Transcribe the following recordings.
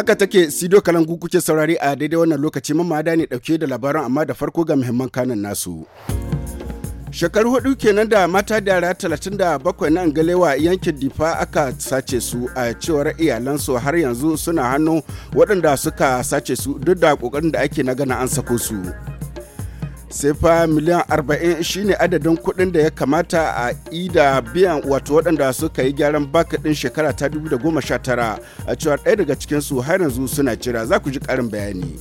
Haka take Sido Kalangu kuke saurari a daidai wannan lokaci mamada ne dauke da labaran amma da farko ga muhimman kanan nasu. Shekaru hudu kenan da mata da yara 37 na Angalewa yankin Difa aka sace su a cewar iyalansu har yanzu suna hannu waɗanda suka sace su duk da ƙoƙarin da ake na gana an sako su. sai fa miliyan 40 shine adadin kuɗin da ya kamata a ida biyan wato waɗanda suka yi gyaran baka ɗin shekara ta 2019 a cewar ɗaya daga cikin su har yanzu suna jira za ku ji karin bayani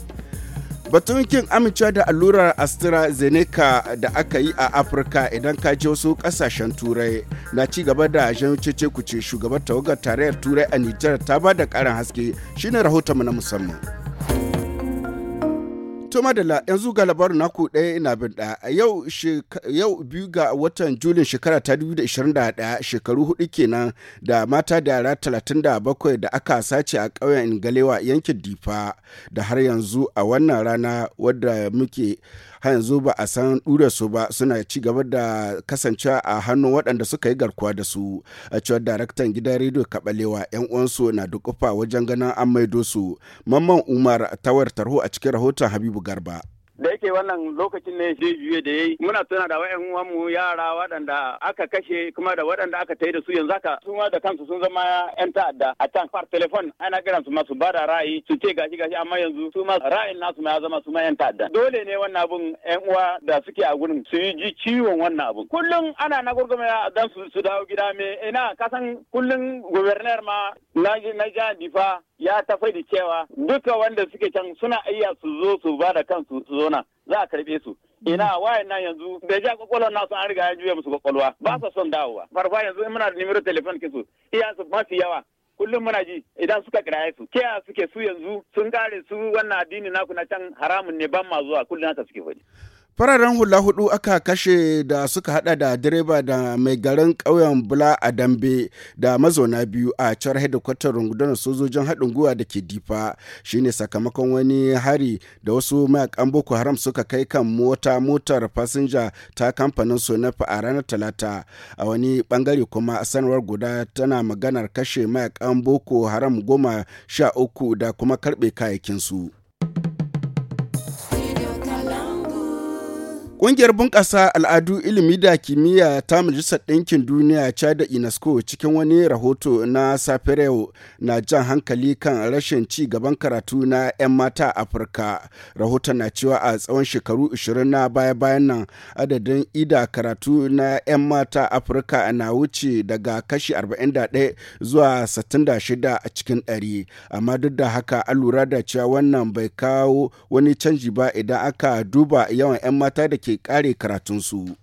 batun kin amincewa da allurar astrazeneca da aka yi a afirka idan ka je wasu kasashen turai na ci gaba da jan cece kuce shugabar tawagar tarayyar turai a nijar ta ba da karin haske shine rahoton mu na musamman To madalla yanzu ga labarin naku ɗaya ina bin ɗaya yau yau biyu ga watan Julin shekara ta 2021 shekaru hudu kenan da mata da yara 37 da aka sace a ƙauyen Ingalewa yankin Difa da har yanzu a wannan rana wadda muke har yanzu ba a san ɗure su ba suna ci gaba da kasancewa a hannun waɗanda suka yi garkuwa da su a cewar daraktan gidan rediyo kaɓalewa yan uwansu na dukufa wajen ganin an maido su mamman umar tawar tarho a cikin rahoton habibu garba da yake wannan lokacin ne je juye da yayi muna tuna da wayan mu yara waɗanda aka kashe kuma da waɗanda aka tai da su yanzu haka sun ma da kansu sun zama yan ta'adda a can far telefon ana kiran su masu bada ra'ayi su ce gashi gashi amma yanzu su ma ra'ayin nasu ma ya zama su ma yan ta'adda dole ne wannan abun yan uwa da suke a gurin su yi ciwon wannan abun kullum ana na gurgurma dan su su dawo gida me ina kasan kullum gwamnatin ma na na jihar difa ya ta da cewa duka wanda suke can suna iya su zo su ba da kansu su zo na za a karɓe su ina mm. wayan nan yanzu da ja kwakwalwar nasu an riga ya juya musu kwakwalwa ba su son dawowa farfa yanzu in muna da nimero telefon kisu iya su mafi yawa kullum muna ji idan suka kiraye su kiya suke su yanzu sun kare su wannan addini naku na can haramun ne ban ma zuwa kullum haka suke faɗi fararen hula hudu aka kashe da suka hada da direba da mai garin ƙauyen bula a dambe da mazauna biyu a cewar hedikwatar rungudunar sojojin haɗin guwa da ke difa shine sakamakon wani hari da wasu mayakan boko haram suka kai kan mota motar fasinja ta kamfanin sonafa a ranar talata a wani bangare kuma sanarwar guda tana maganar kashe mayakan boko haram goma sha uku da kuma karbe kayayyakin su Ƙungiyar bunƙasa al'adu ilimi da kimiyya ta Majalisar Ɗinkin Duniya da UNESCO cikin wani rahoto na Safirewo na jan hankali kan rashin ci gaban karatu na 'yan mata Afirka. Rahoton na cewa a tsawon shekaru 20 na baya-bayan nan adadin ida karatu na 'yan mata Afirka na wuce daga kashi 41 zuwa 66 a cikin 100. Amma duk da haka an lura da cewa wannan bai kawo wani canji ba idan aka duba yawan 'yan mata da ke ke kare karatunsu.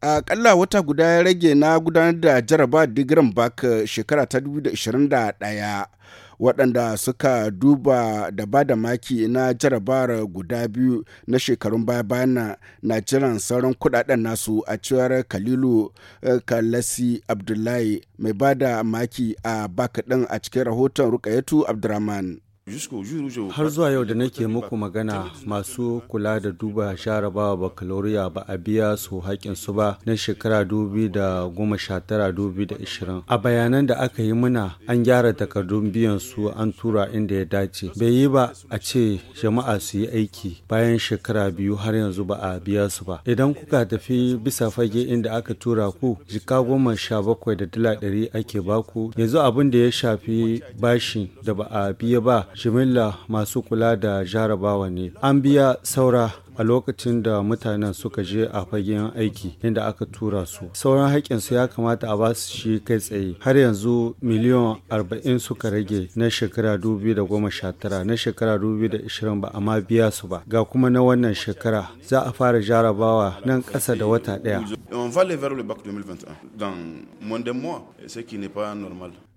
a kalla wata guda ya rage na gudanar da jaraba digirin bak shekara ta 2021 waɗanda suka duba da ba da maki na jarabar guda biyu na shekarun baya bayan na jiran sauran kudaden nasu a cewar kalilu eh, kalasi abdullahi mai ba da maki a bak ɗin a cikin rahoton rukayatu abdurrahman har zuwa yau da nake muku magana masu kula da duba jaraba baccalaureate ba a biya su su ba na shekara sha 2019-2020 a bayanan da aka yi muna an gyara takardun biyan su an tura inda ya dace bai yi ba a ce jama'a su yi aiki bayan shekara biyu har yanzu ba a biya su ba idan kuka tafi bisa fage inda aka tura ku jika goma sha bakwai da dala ɗari ake baku yanzu abin da ya shafi bashi da ba a biya ba jimilla masu kula da jarabawa ne an biya saura a lokacin da mutanen suka je a fagen aiki inda aka tura su sauran haƙƙinsu ya kamata a basu shi kai tsaye har yanzu miliyan 40 suka rage na shekara 2019 na shekara 2020 ba amma biya su ba ga kuma na wannan shekara za a fara jarabawa nan ƙasa da wata ɗaya.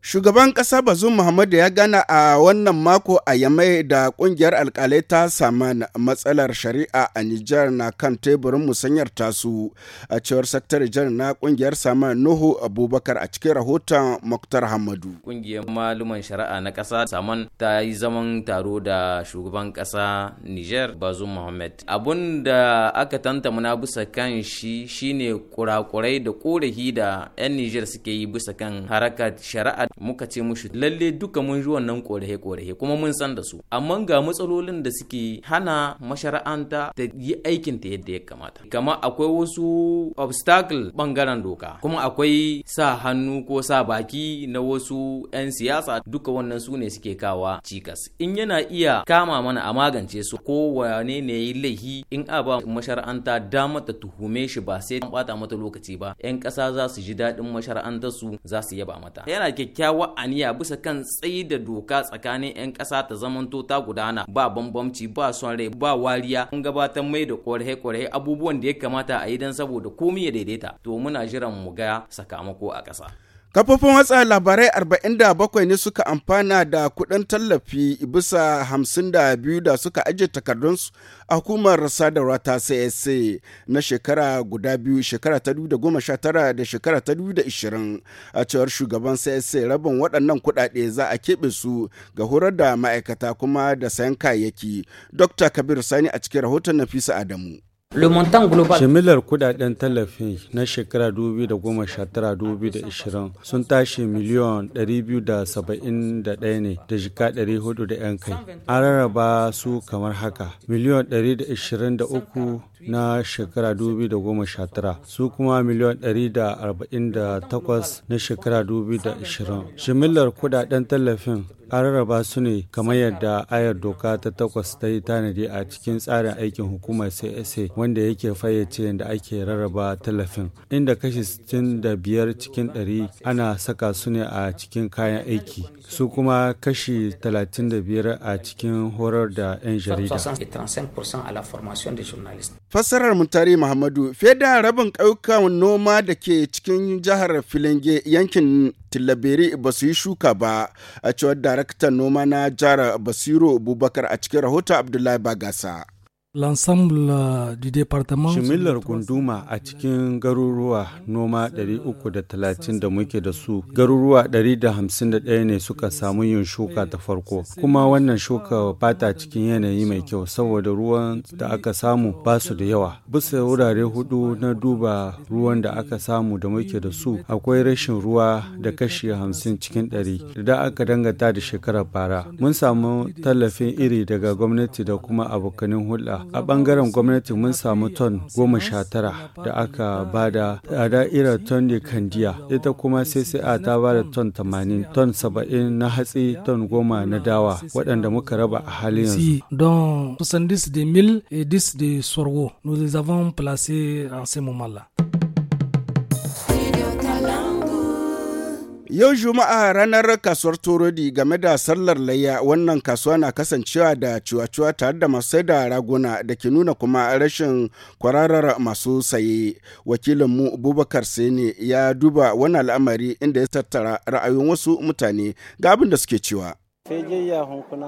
Shugaban ƙasa Bazum Muhammad ya gana a wannan mako a Yamai da ƙungiyar alƙalai ta saman matsalar shari'a a Nijar na kan teburin musanyar tasu a cewar sakatare jar na ƙungiyar saman Nuhu Abubakar a cikin rahoton Muktar Hamadu. Ƙungiyar maluman shari'a na ƙasa saman ta yi zaman taro da shugaban ƙasa Nijar Bazum Muhammad. Abun da aka tantamuna bisa kan shi shine kurakurai da ƙorafi da 'yan Nijar suke yi bisa kan harakar shari'a muka ce mushi lalle duka mun ji wannan korahe korahe kuma mun san da su amma ga matsalolin da suke hana mashara'anta da yi aikin ta yadda ya kamata kama akwai wasu obstacle bangaren doka kuma akwai sa hannu ko sa baki na wasu 'yan siyasa duka wannan su ne suke kawa cikas in yana iya kama mana a magance su ko wane ne yi laihi in a ba mashara'anta dama ta tuhume shi ba sai an bata mata lokaci ba 'yan ƙasa za su ji daɗin mashara'antar su za su yaba mata yana kyakkyawa kyakkyawar aniya bisa kan tsayi da doka tsakanin 'yan ƙasa ta zamanto ta gudana ba bambamci ba son rai ba wariya an gabatar mai da kwarhe-kwarhe abubuwan da ya kamata a yi don saboda komai ya daidaita to muna jiran mu ga sakamako a ƙasa. Kafofin watsa labarai 47 ne suka amfana da kuɗin tallafi bisa 52 da suka ajiye takardunsu a hukumar sadarwa ta CSA na shekara guda biyu shekara ta 2019 da shekara ta 2020 a cewar shugaban CSA rabin waɗannan kuɗaɗe za a keɓe su ga horar da ma'aikata kuma da sayan kayayyaki. Dr. Kabir Sani a cikin rahoton Nafisa Adamu. Jimilar kudaden tallafi na shekara 2019-2020 sun tashi miliyon 271 ne da jika 400 da 'yan kai. An rarraba su kamar haka, miliyon 123 na shekara 2019 su kuma miliyan 148 na shekara 2020 shimillar kudaden tallafin an rarraba su ne kamar yadda ayar doka ta takwas ta yi tanadi a cikin tsarin aikin hukumar csa wanda yake fayyace da ake rarraba tallafin inda kashi 65 cikin 100 ana saka su ne a cikin kayan aiki su kuma kashi 35 a cikin horar da 'yan jarida Fassarar Muntari Muhammadu, fiye rabin ƙauyukan noma da ke cikin jihar Filinge yankin Tillaberi ba su yi shuka ba, a cewar daraktan noma na jihar Basiru Abubakar a cikin rahoton Abdullahi Bagasa. l'ensemble euh, du département shimillar gunduma a cikin garuruwa noma 330 da muke da su garuruwa 151 ne suka samu yin shuka ta farko kuma wannan shuka bata cikin yanayi mai kyau saboda ruwan da aka samu ba su da yawa bisa wurare hudu na duba ruwan da aka samu da muke da su akwai rashin ruwa da kashi 50 cikin 100 da aka dangata da shekarar bara mun samu tallafin iri daga gwamnati da kuma abokanin hulɗa a ɓangaren gwamnati mun samu ton goma sha tara da aka ba da tsada da'irar ton de kandiya ita kuma a ta ba da ton tamanin ton saba'in na hatsi ton goma na dawa waɗanda muka raba a halin yanzu. Don 70 da mil et 10 de sorgho, nous les avons placés en ce moment-là. Yau Juma'a ranar kasuwar Torodi game da sallar layya wannan kasuwa na kasancewa da ciwaciwa tare da masu da raguna da ke nuna kuma rashin kwararar masu saye. Wakilinmu Bubakar Sani ya duba wani al'amari inda ya tattara ra'ayin wasu mutane ga abin da suke cewa.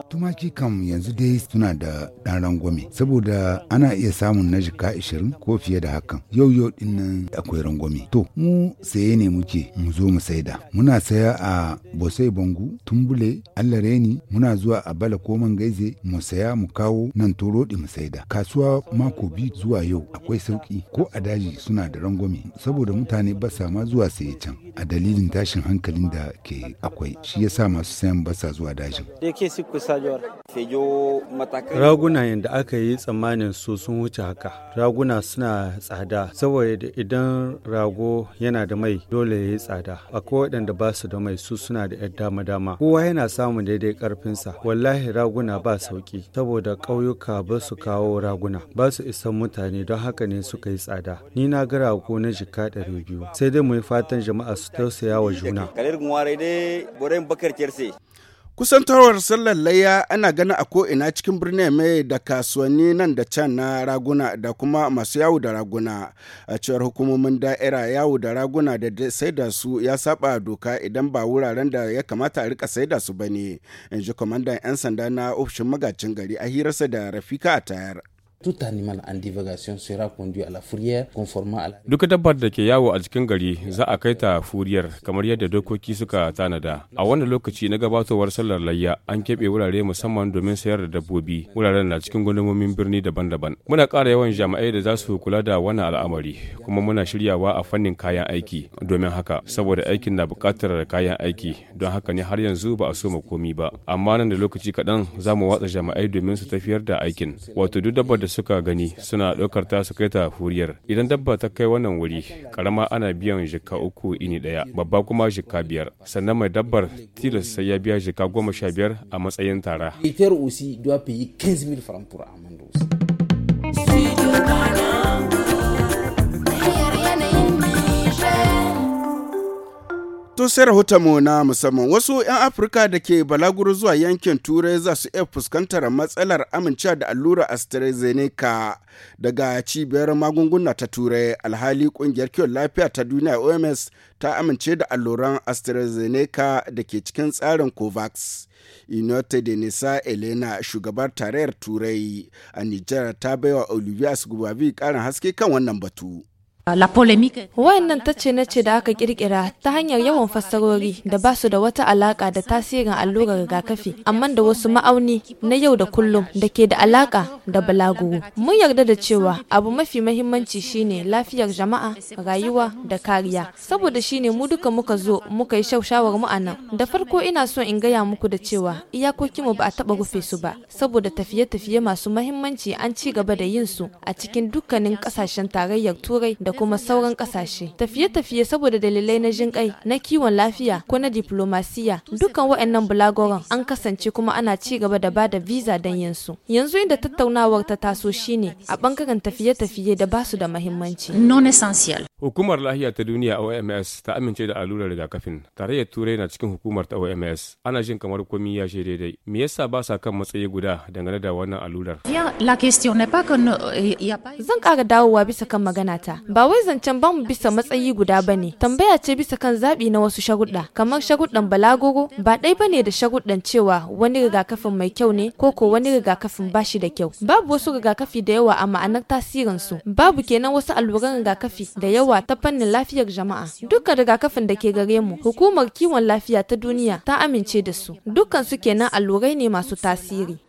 Tumaki kam yanzu dai suna da ɗan rangwame, saboda ana iya samun na jika 20 ko fiye da hakan. Yau yau ɗin nan akwai rangwame. To, mu saye ne muke mu zo mu saida. Muna saya a Bosai Bangu, Tumbule, Reni, muna zuwa a Bala ko Mangaize mu saya mu kawo nan toro ɗi mu saida. Kasuwa mako bi zuwa yau akwai sauki ko a daji suna da rangwame saboda mutane ba sa ma zuwa saye can. A dalilin tashin hankalin da ke akwai shi yasa masu sayan ba sa zuwa daji. harajin. Raguna yadda aka yi tsammanin su sun wuce haka. Raguna suna tsada saboda idan rago yana da mai dole ya yi tsada. Akwai waɗanda ba su da mai su suna da yar dama dama. Kowa yana samun daidai karfinsa. Wallahi raguna ba sauki saboda ƙauyuka ba su kawo raguna ba su isan mutane don haka ne suka yi tsada. Ni na ga rago na jika ɗari biyu. Sai dai mu yi fatan jama'a su tausaya wa juna. Kusantowar sallar layya ana gani a ko'ina cikin birnin mai da kasuwanni nan da can na raguna da kuma masu yawo da raguna. A cewar hukumomin da'ira yawo da raguna da sai da su ya saba doka idan ba wuraren da ya kamata a rika saida su ba ne. In ji kwamandan 'yan sanda na ofishin magacin gari a hirarsa da Rafika a tayar. Tout animal en divagation sera conduit à la fourrière conformément à la... Duk dabbar da ke yawo a cikin gari za a kai ta furiyar kamar yadda dokoki suka tanada. A wannan lokaci na gabatowar sallar layya an keɓe wurare musamman domin sayar da dabbobi wuraren na cikin gundumomin birni daban-daban. Muna ƙara yawan jami'ai da za su kula da wannan al'amari kuma muna shiryawa a fannin kayan aiki domin haka saboda aikin na buƙatar kayan aiki don haka ne har yanzu ba a so komi ba. Amma nan da lokaci kaɗan za mu watsa jami'ai domin su tafiyar da aikin. Wato duk dabbar da da suka gani suna ɗaukar ta su kai ta huriyar idan dabba ta kai wannan wuri karama ana biyan jika uku ini ɗaya babba kuma jika biyar sannan mai dabbar tilas sai ya biya jika goma sha biyar a matsayin tara. To sai rahotonmu na musamman wasu 'yan Afirka da ke balaguro zuwa yankin Turai za su iya fuskantar matsalar amincewa da allura AstraZeneca daga cibiyar magunguna ta Turai alhali kungiyar kiwon lafiya ta duniya OMS ta amince da alluran AstraZeneca da ke cikin tsarin COVAX. Inote de Nisa Elena shugabar tarayyar Turai a Nijar ta baiwa Olivia biyu karin haske kan wannan batu. La nan Wayannan ce na ce da aka kirkira ta hanyar yawan fassarori da ba su da wata alaka da tasirin allurar rigakafi, amma da wasu ma'auni na yau da kullum da ke da alaƙa da balaguro. Mun yarda da cewa abu mafi mahimmanci shine lafiyar jama'a, rayuwa da kariya. Saboda shine mu duka muka zo muka yi shaushawar mu a nan. Da farko ina so in gaya muku da cewa iyakoki mu ba a taba rufe su ba, saboda tafiye-tafiye masu mahimmanci an ci gaba da yin su a cikin dukkanin kasashen tarayyar Turai da kuma sauran kasashe tafiye-tafiye saboda dalilai na jin kai na kiwon lafiya ko na diplomasiya dukkan waɗannan bulagoran an kasance kuma ana ci gaba da bada visa don yansu yanzu inda tattaunawar ta taso shine a bangaren tafiye-tafiye da basu da mahimmanci non essential hukumar lafiya ta duniya OMS ta amince da allurar rigakafin tarayyar turai na cikin hukumar ta OMS ana jin kamar komi ya she daidai me yasa ba sa kan matsayi guda dangane da wannan allurar zan kara dawowa bisa kan magana ta ba Ba wai zancen bamu bisa matsayi guda ba ne, tambaya ce bisa kan zaɓi na wasu shagudda kamar shagudan balagogo ba ɗai ba ne da shagudan cewa wani rigakafin mai kyau ne ko ko wani rigakafin ba shi da kyau. Babu wasu rigakafi da yawa a ma'anar tasirin su, babu kenan wasu alluran rigakafi da yawa ta fannin lafiyar jama'a. Dukkan rigakafin da ke gare mu, hukumar kiwon lafiya ta duniya ta amince da su, dukkan su kenan allurai ne masu tasiri.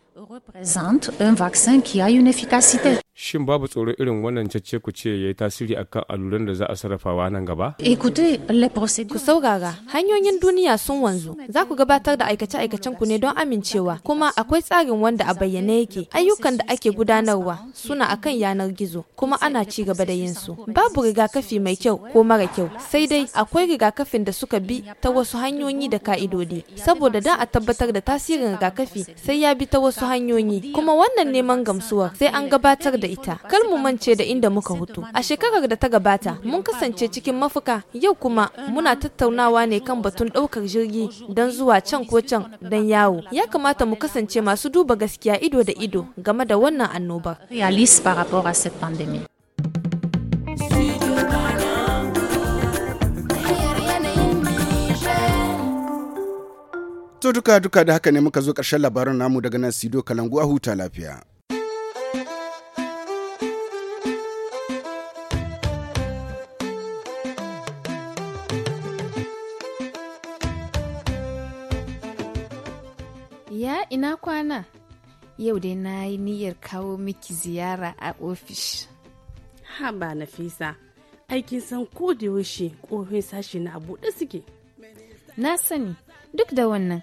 Shin babu tsoro irin wannan cece ku ce ya yi tasiri akan alluran da za a sarrafawa nan gaba? Ku saurara, hanyoyin duniya sun wanzu. Za ku gabatar da aikace-aikacen ku ne don amincewa, kuma akwai tsarin wanda a bayyane yake. Ayyukan da ake gudanarwa suna akan yanar gizo, kuma ana ci gaba da yin su. Babu rigakafi mai kyau ko mara kyau, sai dai akwai rigakafin da suka bi ta wasu hanyoyi da ka'idodi. Saboda don a tabbatar da tasirin rigakafi sai ya bi ta wasu hanyoyi kuma wannan neman gamsuwa sai an gabatar da ita kar mu mance da inda muka hutu a shekarar da ta gabata mun kasance cikin mafuka yau kuma muna tattaunawa ne kan batun ɗaukar jirgi don zuwa can ko can don yawo ya kamata mu kasance masu duba gaskiya ido da ido game da wannan annobar. To duka duka da haka ne muka zo ƙarshen labarin namu daga nan Sido Kalangu a huta lafiya. Ya ina kwana? Yau dai na yi niyyar kawo miki ziyara a ofis Ha ba Nafisa, aikin san ko da yaushe ƙofin sashi na abu da suke. Na sani, duk da wannan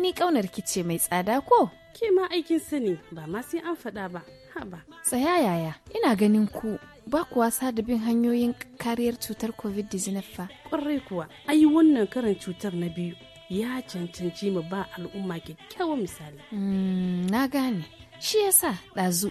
ni ƙaunar kice mai tsada ko? Ke ma aikin sani ba ma sai an faɗa ba, haba. Tsaya yaya, ina ganin ku ba wasa da bin hanyoyin kariyar cutar COVID-19 fa. Ƙwarai kuwa, ayi wannan karin cutar na biyu ya cancanci mu ba al'umma kyakkyawan misali. Hmm, na gane, shi yasa ɗazu